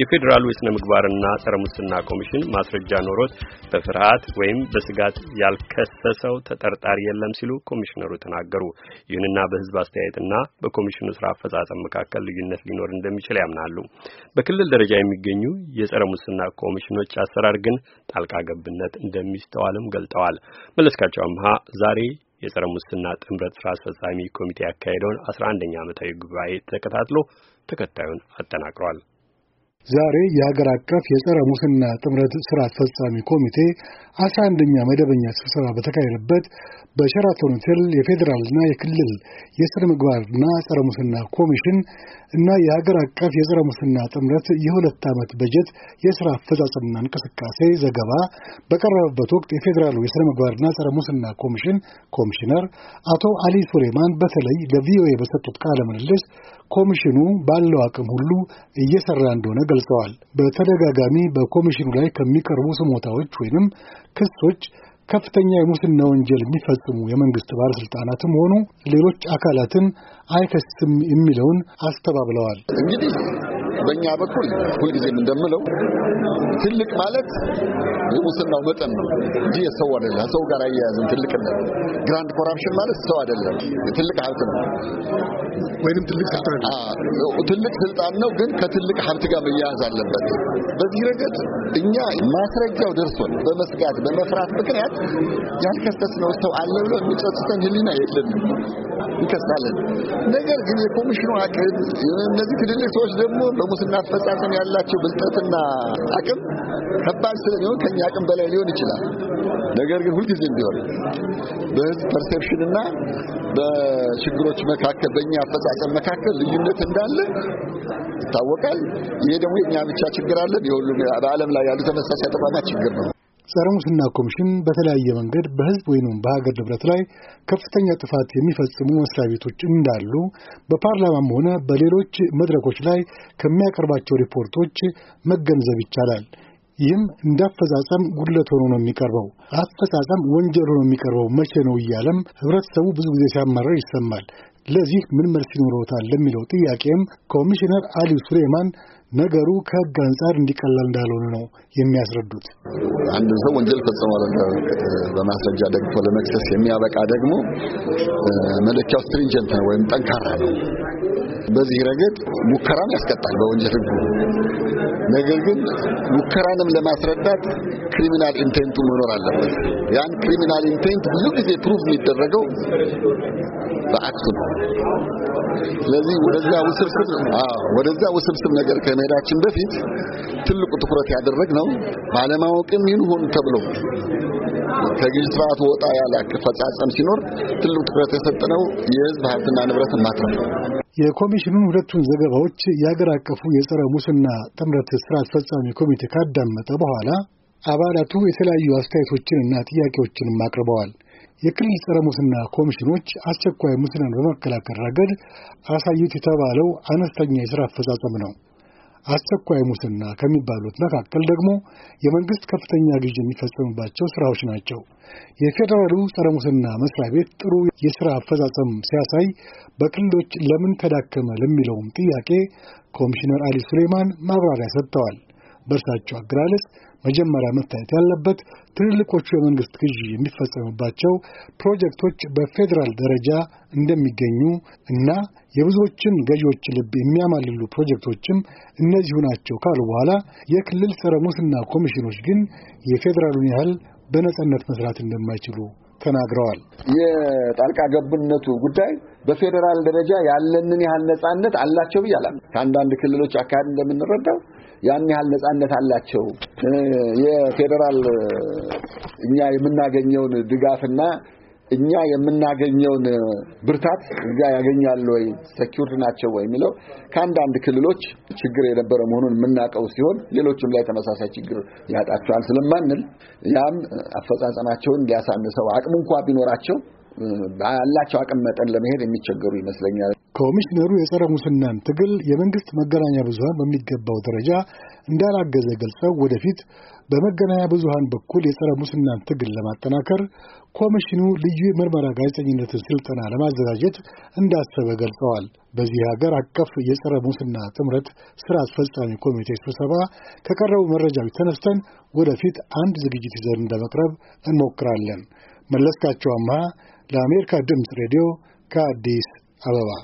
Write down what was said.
የፌዴራሉ የሥነ ምግባርና ጸረ ሙስና ኮሚሽን ማስረጃ ኖሮት በፍርሃት ወይም በስጋት ያልከሰሰው ተጠርጣሪ የለም ሲሉ ኮሚሽነሩ ተናገሩ። ይሁንና በሕዝብ አስተያየትና በኮሚሽኑ ስራ አፈጻጸም መካከል ልዩነት ሊኖር እንደሚችል ያምናሉ። በክልል ደረጃ የሚገኙ የጸረ ሙስና ኮሚሽኖች አሰራር ግን ጣልቃ ገብነት እንደሚስተዋልም ገልጠዋል። መለስካቸው አምሃ ዛሬ የጸረ ሙስና ጥምረት ስራ አስፈጻሚ ኮሚቴ ያካሄደውን 11ኛ ዓመታዊ ጉባኤ ተከታትሎ ተከታዩን አጠናቅሯል። ዛሬ የሀገር አቀፍ የጸረ ሙስና ጥምረት ስራ አስፈጻሚ ኮሚቴ አስራ አንደኛ መደበኛ ስብሰባ በተካሄደበት በሸራተን ሆቴል የፌዴራልና የክልል የስነ ምግባርና ጸረ ሙስና ኮሚሽን እና የሀገር አቀፍ የጸረ ሙስና ጥምረት የሁለት ዓመት በጀት የስራ አፈጻጸምና እንቅስቃሴ ዘገባ በቀረበበት ወቅት የፌዴራሉ የስነ ምግባርና ጸረ ሙስና ኮሚሽን ኮሚሽነር አቶ አሊ ሱሌማን በተለይ ለቪኦኤ በሰጡት ቃለ ምልልስ ኮሚሽኑ ባለው አቅም ሁሉ እየሰራ እንደሆነ ገልጸዋል። በተደጋጋሚ በኮሚሽኑ ላይ ከሚቀርቡ ስሞታዎች ወይንም ክሶች ከፍተኛ የሙስና ወንጀል የሚፈጽሙ የመንግስት ባለስልጣናትም ሆኑ ሌሎች አካላትን አይከስም የሚለውን አስተባብለዋል። በእኛ በኩል ሁልጊዜም እንደምለው ትልቅ ማለት የሙስናው መጠን ነው እንጂ የሰው አይደለም። ሰው ጋር አያያዝም ትልቅነት። ግራንድ ኮራፕሽን ማለት ሰው አይደለም፣ ትልቅ ሀብት ነው ወይንም ትልቅ ስልጣን ነው። ትልቅ ስልጣን ነው፣ ግን ከትልቅ ሀብት ጋር መያያዝ አለበት። በዚህ ረገድ እኛ ማስረጃው ደርሶን በመስጋት በመፍራት ምክንያት ነው ሰው አለ ብሎ የሚጸጽተን ህሊና የለንም። ይከሳለን። ነገር ግን የኮሚሽኑ አቅድ እነዚህ ትልልቅ ሰዎች ደግሞ የሙስና አፈጻጸም ያላቸው ብልጠትና አቅም ከባድ ስለሚሆን ከኛ አቅም በላይ ሊሆን ይችላል። ነገር ግን ሁልጊዜም ቢሆን በህዝብ እና በችግሮች መካከል በእኛ አፈጻጸም መካከል ልዩነት እንዳለ ይታወቃል። ይሄ ደግሞ የኛ ብቻ ችግር አለ የሁሉም በዓለም ላይ ያሉ ተመሳሳይ ተቋማት ችግር ነው። ጸረ ሙስና ኮሚሽን በተለያየ መንገድ በህዝብ ወይም በሀገር ንብረት ላይ ከፍተኛ ጥፋት የሚፈጽሙ መስሪያ ቤቶች እንዳሉ በፓርላማም ሆነ በሌሎች መድረኮች ላይ ከሚያቀርባቸው ሪፖርቶች መገንዘብ ይቻላል። ይህም አፈጻጸም ጉድለት ሆኖ ነው የሚቀርበው። አፈጻጸም ወንጀል ሆኖ የሚቀርበው መቼ ነው እያለም ህብረተሰቡ ብዙ ጊዜ ሲያመረር ይሰማል። ለዚህ ምን መልስ ይኖረውታል ለሚለው ጥያቄም ኮሚሽነር አሊ ሱሌማን ነገሩ ከህግ አንጻር እንዲቀላል እንዳልሆነ ነው የሚያስረዱት። አንድ ሰው ወንጀል ፈጽሟል በማስረጃ ደግፎ ለመክሰስ የሚያበቃ ደግሞ መለኪያው ስትሪንጀንት ነው ወይም ጠንካራ ነው። በዚህ ረገድ ሙከራን ያስቀጣል በወንጀል ህጉ። ነገር ግን ሙከራንም ለማስረዳት ክሪሚናል ኢንቴንቱ መኖር አለበት። ያን ክሪሚናል ኢንቴንት ብዙ ጊዜ ፕሩቭ የሚደረገው በአክሱም ስለዚህ ወደዛ ውስብስብ ወደዛ ውስብስብ ነገር ከመሄዳችን በፊት ትልቁ ትኩረት ነው ባለማወቅም ይሁን ሆን ተብሎ ከግዥ ስርዓቱ ወጣ ያለ አፈጻጸም ሲኖር ትልቁ ትኩረት የሰጠነው የህዝብ ሀብትና ንብረትን ማትረፍ ነው። የኮሚሽኑን ሁለቱን ዘገባዎች ያገር አቀፉ የጸረ ሙስና ጥምረት ስራ አስፈጻሚ ኮሚቴ ካዳመጠ በኋላ አባላቱ የተለያዩ አስተያየቶችንና ጥያቄዎችንም አቅርበዋል። የክልል ጸረ ሙስና ኮሚሽኖች አስቸኳይ ሙስናን በመከላከል ረገድ አሳዩት የተባለው አነስተኛ የሥራ አፈጻጸም ነው። አስቸኳይ ሙስና ከሚባሉት መካከል ደግሞ የመንግሥት ከፍተኛ ግዥ የሚፈጸምባቸው ሥራዎች ናቸው። የፌዴራሉ ጸረ ሙስና መስሪያ ቤት ጥሩ የሥራ አፈጻጸም ሲያሳይ በክልሎች ለምን ተዳከመ ለሚለውም ጥያቄ ኮሚሽነር አሊ ሱሌማን ማብራሪያ ሰጥተዋል። በእርሳቸው አገላለጽ መጀመሪያ መታየት ያለበት ትልልቆቹ የመንግስት ግዢ የሚፈጸምባቸው ፕሮጀክቶች በፌዴራል ደረጃ እንደሚገኙ እና የብዙዎችን ገዢዎች ልብ የሚያማልሉ ፕሮጀክቶችም እነዚሁ ናቸው ካሉ በኋላ የክልል ጸረ ሙስና ኮሚሽኖች ግን የፌዴራሉን ያህል በነጻነት መስራት እንደማይችሉ ተናግረዋል። የጣልቃ ገብነቱ ጉዳይ በፌዴራል ደረጃ ያለንን ያህል ነጻነት አላቸው ብያለሁ። ከአንዳንድ ክልሎች አካባቢ እንደምንረዳው ያን ያህል ነጻነት አላቸው። የፌዴራል እኛ የምናገኘውን ድጋፍና እኛ የምናገኘውን ብርታት እዚያ ያገኛል ወይ ሰኪዩርድ ናቸው ወይ የሚለው ከአንዳንድ ክልሎች ችግር የነበረ መሆኑን የምናውቀው ሲሆን ሌሎችም ላይ ተመሳሳይ ችግር ያጣቸዋል ስለማንል ያም አፈጻጸማቸውን ሊያሳንሰው አቅም እንኳ ቢኖራቸው ባላቸው አቅም መጠን ለመሄድ የሚቸገሩ ይመስለኛል። ኮሚሽነሩ የጸረ ሙስናን ትግል የመንግስት መገናኛ ብዙሀን በሚገባው ደረጃ እንዳላገዘ ገልጸው ወደፊት በመገናኛ ብዙሀን በኩል የጸረ ሙስናን ትግል ለማጠናከር ኮሚሽኑ ልዩ የምርመራ ጋዜጠኝነትን ስልጠና ለማዘጋጀት እንዳሰበ ገልጸዋል። በዚህ ሀገር አቀፍ የጸረ ሙስና ጥምረት ስራ አስፈጻሚ ኮሚቴ ስብሰባ ከቀረቡ መረጃዎች ተነስተን ወደፊት አንድ ዝግጅት ይዘን እንደመቅረብ እንሞክራለን። መለስካቸው አምሃ ለአሜሪካ ድምፅ ሬዲዮ ከአዲስ አበባ